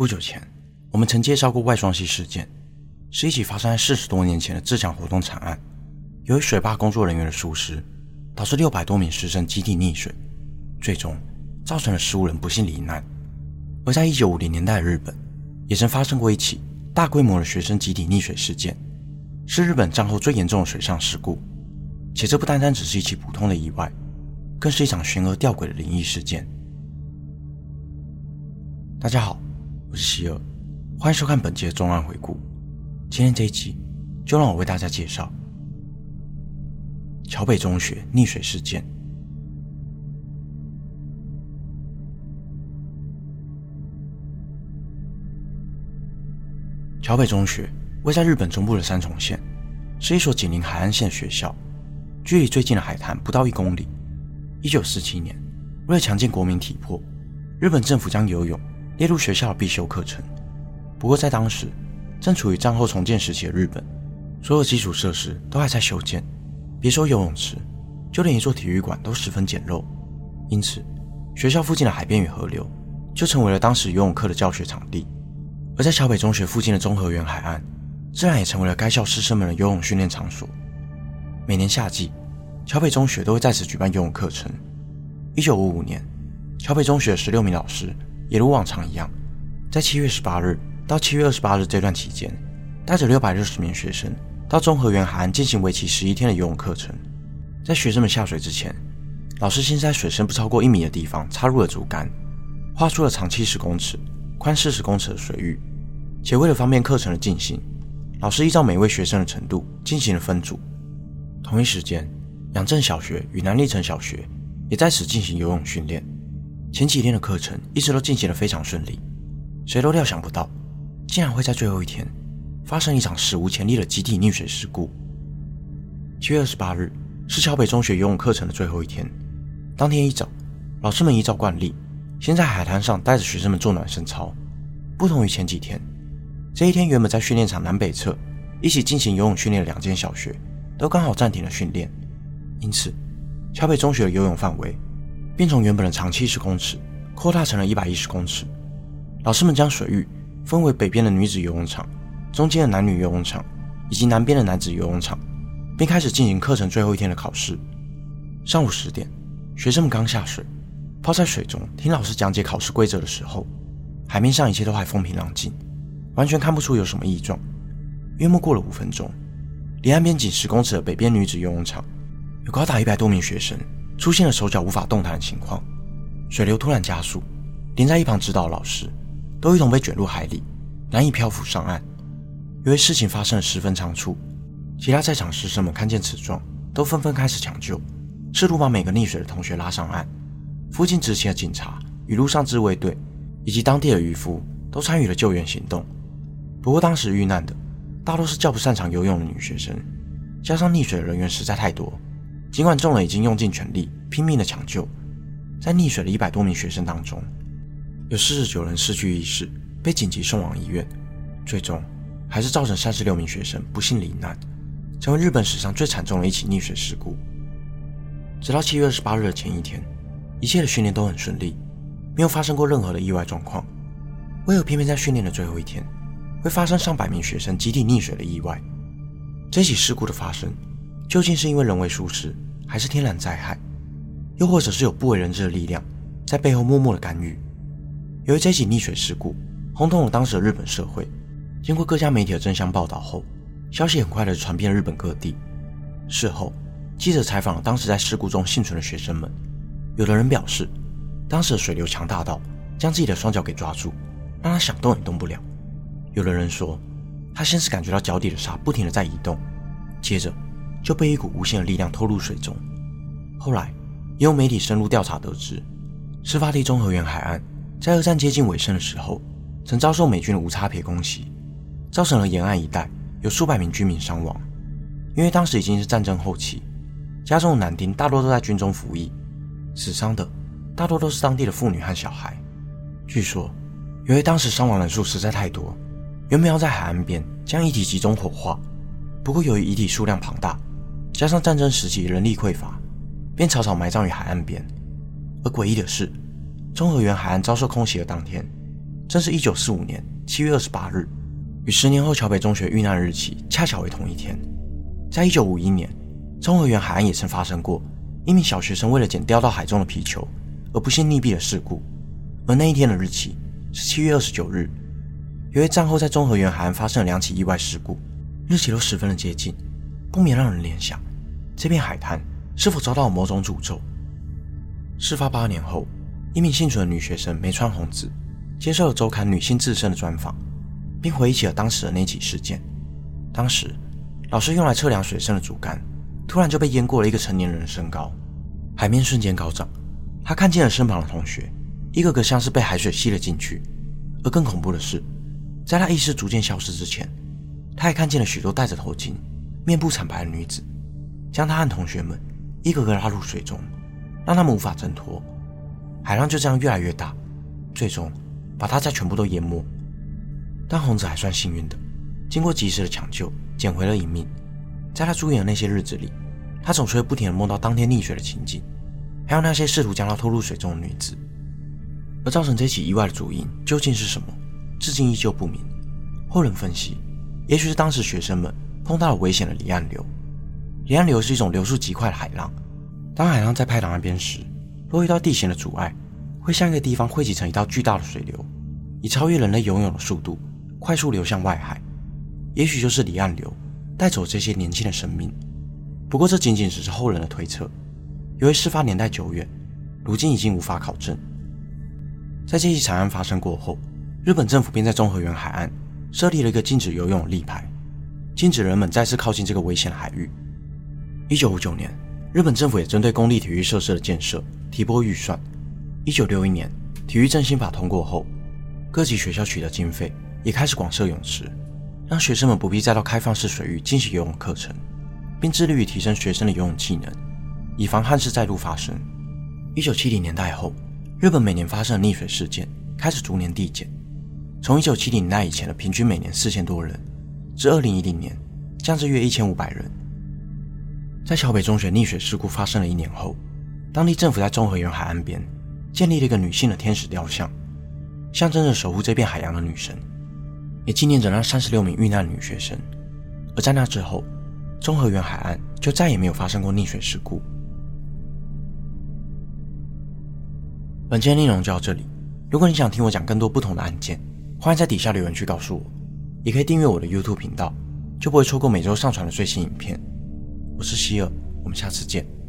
不久前，我們曾介紹過外雙溪事件，是一起發生在四十多年前的自強活動慘案。由於水壩工作人員的疏失，導致六百多名師生集體溺水，最終造成了十五人不幸罹難。而在一九五零年代的日本，也曾發生過一起大規模的學生集體溺水事件，是日本戰後最嚴重的水上事故。且這不單單只是一起普通的意外，更是一場懸而吊詭的靈異事件。大家好。我是希爾，歡迎收看本期的重案回顧。今天這一集，就讓我為大家介紹橋北中學溺水事件。橋北中學位在日本中部的三重縣，是一所緊鄰海岸線的學校，距離最近的海灘不到一公里。一九四七年，為了強健國民體魄，日本政府將游泳列入學校的必修課程。不過，在當時正處於戰後重建時期的日本，所有基礎設施都還在修建，別說游泳池，就連一座體育館都十分簡陋。因此，學校附近的海邊與河流就成為了當時游泳課的教學場地。而在橋北中學附近的中和園海岸，自然也成為了該校師生們的游泳訓練場所。每年夏季，橋北中學都會在此舉辦游泳課程。1955年，橋北中學的十六名老師。也如往常一樣，在七月十八日到七月二十八日這段期間，帶着六百六十名學生到中河原海岸進行為期十一天的游泳課程。在學生們下水之前，老師先在水深不超過一米的地方插入了竹竿，畫出了長七十公尺、寬四十公尺的水域。且為了方便課程的進行，老師依照每位學生的程度進行了分組。同一時間，養正小學與南立誠小學也在此進行游泳訓練。前幾天的課程一直都進行得非常順利，誰都料想不到，竟然會在最後一天發生一場史無前例的集體溺水事故。七月二十八日是橋北中學游泳課程的最後一天。當天一早，老師們依照慣例，先在海灘上帶着學生們做暖身操。不同於前幾天，這一天原本在訓練場南北側一起進行游泳訓練的兩間小學，都剛好暫停了訓練，因此橋北中學的游泳範圍。並從原本的長七十公尺擴大成了一百一十公尺。老師們將水域分為北邊的女子游泳場、中間的男女游泳場以及南邊的男子游泳場，並開始進行課程最後一天的考試。上午十點，學生們剛下水，泡在水中聽老師講解考試規則的時候，海面上一切都還風平浪靜，完全看不出有什麼異狀。約莫過了五分鐘，離岸邊僅十公尺的北邊女子游泳場，有高達一百多名學生出現了手腳無法動彈的情況，水流突然加速，連在一旁指導的老師都一同被捲入海裡，難以漂浮上岸。由於事情發生的十分倉促，其他在場師生們看見此狀，都紛紛開始搶救，試圖把每個溺水的同學拉上岸。附近執勤的警察與陸上自衛隊，以及當地的漁夫都參與了救援行動。不過當時遇難的大多是較不擅長游泳的女學生，加上溺水的人員實在太多。儘管眾人已經用盡全力拼命的搶救，在溺水的一百多名學生當中，有四十九人失去意識，被緊急送往醫院，最終還是造成三十六名學生不幸罹難，成為日本史上最慘重的一起溺水事故。直到七月二十八日的前一天，一切的訓練都很順利，沒有發生過任何的意外狀況，為何偏偏在訓練的最後一天，會發生上百名學生集體溺水的意外？這起事故的發生。究竟是因為人為疏失，還是天然災害，又或者是有不為人知的力量在背後默默的干預？由於這起溺水事故轟動了當時的日本社會，經過各家媒體的爭相報道後，消息很快的傳遍了日本各地。事後，記者採訪了當時在事故中幸存的學生們，有的人表示，當時的水流強大到將自己的雙腳給抓住，讓他想動也動不了；有的人說，他先是感覺到腳底的沙不停的在移動，接着。就被一股無限的力量拖入水中。後來，也有媒體深入調查得知，事發地中河原海岸，在二戰接近尾聲的時候，曾遭受美軍的無差別攻擊，造成了沿岸一帶有數百名居民傷亡。因為當時已經是戰爭後期，家中的男丁大多都在軍中服役，死傷的大多都是當地的婦女和小孩。據說，由於當時傷亡人數實在太多，原本要在海岸邊將遺體集中火化，不過由於遺體數量龐大。加上戰爭時期人力匱乏，便草草埋葬於海岸邊。而詭異的是，中河原海岸遭受空襲的當天，正是一九四五年七月二十八日，與十年後橋北中學遇難的日期恰巧為同一天。在一九五一年，中河原海岸也曾發生過一名小學生為了撿掉到海中的皮球而不幸溺斃的事故，而那一天的日期是七月二十九日。由於戰後在中河原海岸發生了兩起意外事故，日期都十分的接近。不免讓人聯想，這片海灘是否遭到某種詛咒？事發八年後，一名幸存的女學生梅川紅子接受了週刊《女性自身》的專訪，並回憶起了當時的那起事件。當時，老師用來測量水深的竹竿突然就被淹過了一個成年人的身高，海面瞬間高漲。她看見了身旁的同學一個個像是被海水吸了進去，而更恐怖的是，在她意識逐漸消失之前，她還看見了許多戴着頭巾。面部慘白的女子，將她和同學們一個個拉入水中，讓他們無法掙脫。海浪就這樣越來越大，最終把大家全部都淹沒。但紅子還算幸運的，經過及時的搶救，撿回了一命。在他住院的那些日子裡，他總是會不停地夢到當天溺水的情景，還有那些試圖將他拖入水中的女子。而造成這起意外的主因究竟是什麼，至今依舊不明。後人分析，也許是當時學生們。碰到了危險的離岸流。離岸流是一種流速極快的海浪。當海浪在拍打岸邊時，若遇到地形的阻礙，會向一個地方匯集成一道巨大的水流，以超越人類游泳的速度快速流向外海。也許就是離岸流帶走這些年輕的生命。不過這僅僅只是後人的推測，由於事發年代久遠，如今已經無法考證。在這一慘案發生過後，日本政府便在中河原海岸設立了一個禁止游泳的立牌。禁止人們再次靠近這個危險的海域。一九五九年，日本政府也針對公立體育設施的建設提撥預算。一九六一年，體育振興法通過後，各級學校取得經費，也開始廣設泳池，讓學生們不必再到開放式水域進行游泳課程，並致力於提升學生的游泳技能，以防憾事再度發生。一九七零年代後，日本每年發生的溺水事件開始逐年遞減，從一九七零年代以前的平均每年四千多人。至2010年，降至約1500人。在橋北中學溺水事故發生了一年後，當地政府在中和園海岸邊建立了一個女性的天使雕像，象徵着守護這片海洋的女神，也紀念着那36名遇難的女學生。而在那之後，中和園海岸就再也沒有發生過溺水事故。本期的內容就到這裡，如果你想聽我講更多不同的案件，歡迎在底下留言區告訴我。也可以訂閱我的 YouTube 頻道，就不會錯過每周上傳的最新影片。我是希爾，我們下次見。